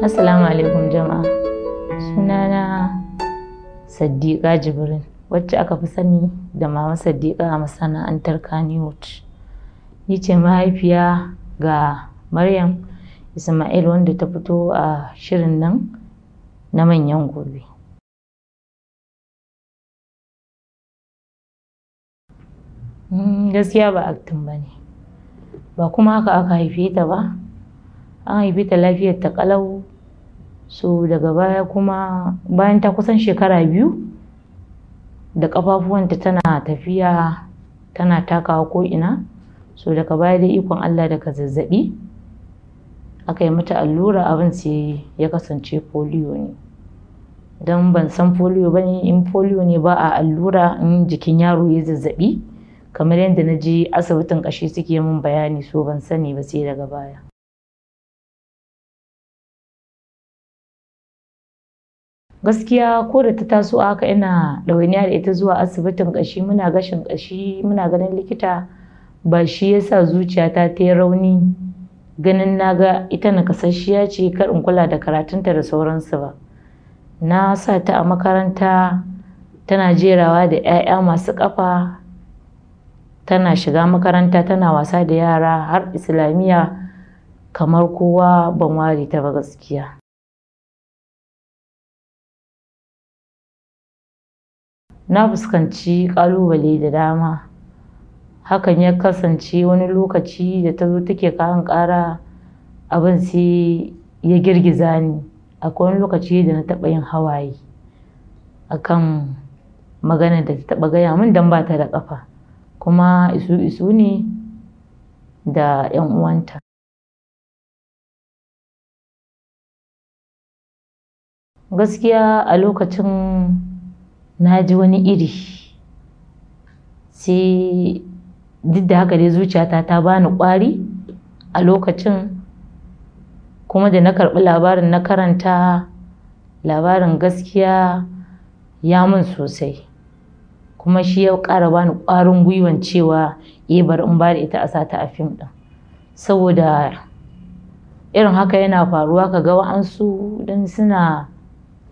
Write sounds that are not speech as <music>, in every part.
Assalamu alaikum jama'a. Sunana Saddiqa Jibrin, wacce aka fi sani da Mama Saddiqa a masana'antar Kannywood. Ni ce mahaifiya ga Maryam Ismail wanda ta fito a shirin nan na manyan gobe. Hmm, gaskiya ba aktin ba ne, ba kuma haka aka haife ta ba. an haife ta lafiyar ta kalau so daga baya kuma bayan ta kusan shekara biyu da ƙafafuwanta tana tafiya tana takawa ko ina so daga baya dai ikon Allah daga zazzabi aka yi mata allura abin sai ya kasance polio ne don ban san polio ba ne in polio ne ba a allura in jikin yaro ya zazzabi kamar yadda na je asibitin ƙashi suke min bayani so ban sani ba sai daga baya gaskiya ko da ta taso a haka ina ɗawainiya da ita zuwa asibitin ƙashi muna gashin ƙashi muna ganin likita ba shi yasa zuciyata ta yi rauni ganin na ga ita nakasasshiya ce kar in kula da karatunta da sauransu ba na sa ta a makaranta tana jerawa da 'ya'ya masu ƙafa tana shiga makaranta tana wasa da yara har islamiyya kamar kowa ban ware ta ba gaskiya na fuskanci ƙalubale da dama hakan ya kasance wani lokaci da ta zo take kawo ƙara abin sai ya girgiza ni akwai wani lokaci da na taɓa yin hawaye akan magana da ta taɓa gaya min don ba ta da ƙafa kuma isu isu ne da 'yan uwanta gaskiya a lokacin na ji wani iri sai duk da haka dai zuciyata ta bani ƙwari a lokacin kuma da na karɓi labarin na karanta labarin gaskiya ya mun sosai kuma shi ya ƙara bani ƙwarin gwiwan cewa e bari in bada ita a sata a fim ɗin saboda irin haka yana faruwa ka ga wa'ansu don suna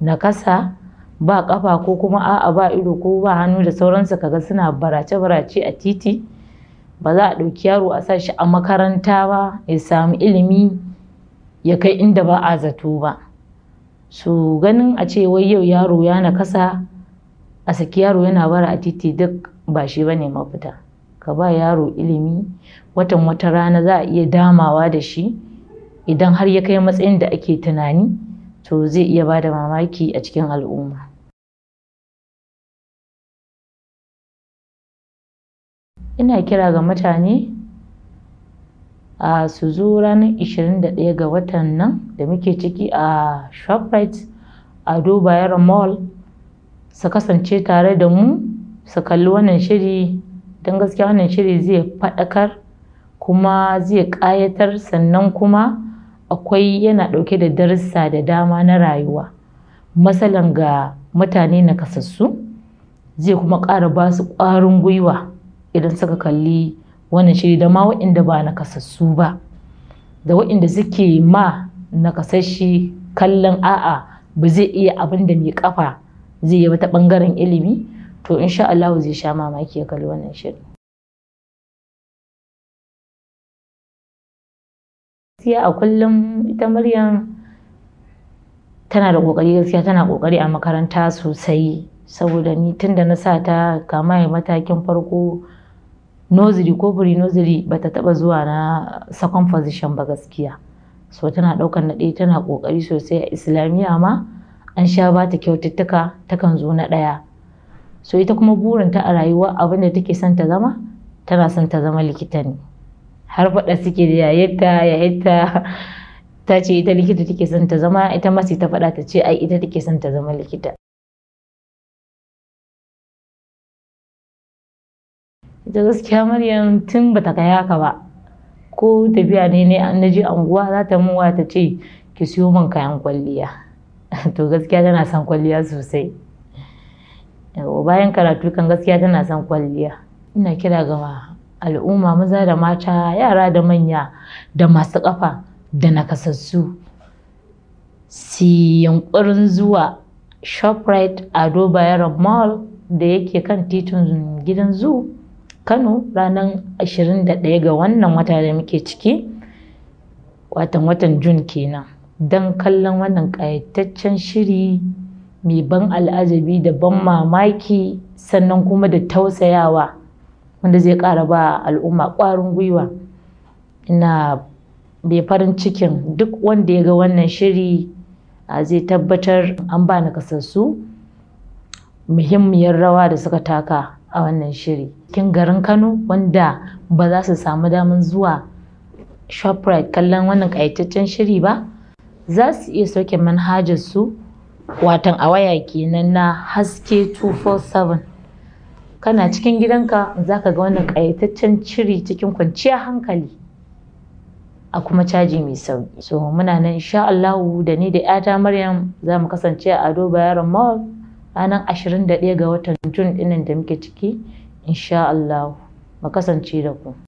nakasa ba kafa ko kuma a'a ba ido ko ba hannu da sauransu kaga suna barace-barace a titi ba za a ɗauki yaro a sa shi a makaranta ba ya samu ilimi ya kai inda ba a zato ba su ganin a ce wai yau yaro ya nakasa a saki yaro yana bara a titi duk ba shi ba ne mafita ka ba yaro ilimi watan wata rana za a iya damawa da shi idan har ya kai matsayin da ake tunani to zai iya ba da mamaki a cikin al'umma ina kira ga mutane a su zo ranar 21 ga watan nan da muke ciki a shoprite a dubayar mall su kasance tare da mu su kalli wannan shiri don gaskiya wannan shiri zai faɗakar kuma zai ƙayatar sannan kuma akwai yana ɗauke da darussa da dama na rayuwa matsalan ga mutane na kasassu zai kuma ƙara ba su ƙwarin gwiwa idan suka kalli wannan shiri da ma waɗanda ba na kasassu ba da waɗanda suke ma na kasashe kallon a'a ba zai iya abin da mai kafa zai yi ta ɓangaren ilimi to insha Allah zai sha mamaki ya kalli wannan shirin gaskiya a kullum ita Maryam tana da kokari gaskiya tana kokari a makaranta sosai saboda ni tun da na sa ta kama ya matakin farko nursery ko pre nursery ta taba zuwa na second position ba gaskiya so tana ɗaukar na ɗaya tana kokari sosai a islamiyya ma an sha ba ta kyaututtuka takan zo na ɗaya so ita kuma burinta a rayuwa abinda da take son ta zama tana son ta zama likita ne har faɗa suke da yayyata yayyata ta ce ita likita take son ta zama ita masu ta faɗa ta ce ai ita take son ta zama likita ita gaskiya maryam tun bata kai haka ba ko tafiya ne ne an naji anguwa za ta muwa ta ce ki siyo min kayan kwalliya <laughs> to gaskiya tana son kwalliya sosai bayan karatu kan gaskiya tana son kwalliya ina kira ga al'umma maza da mata yara da manya da masu ƙafa da nakasassu si yankurin zuwa shoprite ado bayaran mall da yake kan titin gidan zu kano ranar 21 ga wannan wata da muke ciki watan watan jun kenan don kallon wannan ƙayataccen shiri mai ban al'ajabi da ban mamaki sannan kuma da tausayawa wanda zai ƙara ba al'umma ƙwarin gwiwa na bai farin cikin duk wanda ya ga wannan shiri zai tabbatar an ba na kasassu muhimmiyar rawa da suka taka a wannan shiri kin garin kano wanda ba za su samu damar zuwa shoprite kallon wannan ƙayataccen shiri ba za su iya sauke manhajar su watan a waya kenan na haske 247 kana cikin gidanka za ka ga wannan ƙayataccen ciri cikin kwanciyar hankali a kuma caji mai sauƙi so muna nan insha Allahu da ni da 'yata Maryam za mu kasance a Ado Bayaron Mall ranar 21 ga watan Jun ɗinnan da muke ciki insha Allahu mu kasance da ku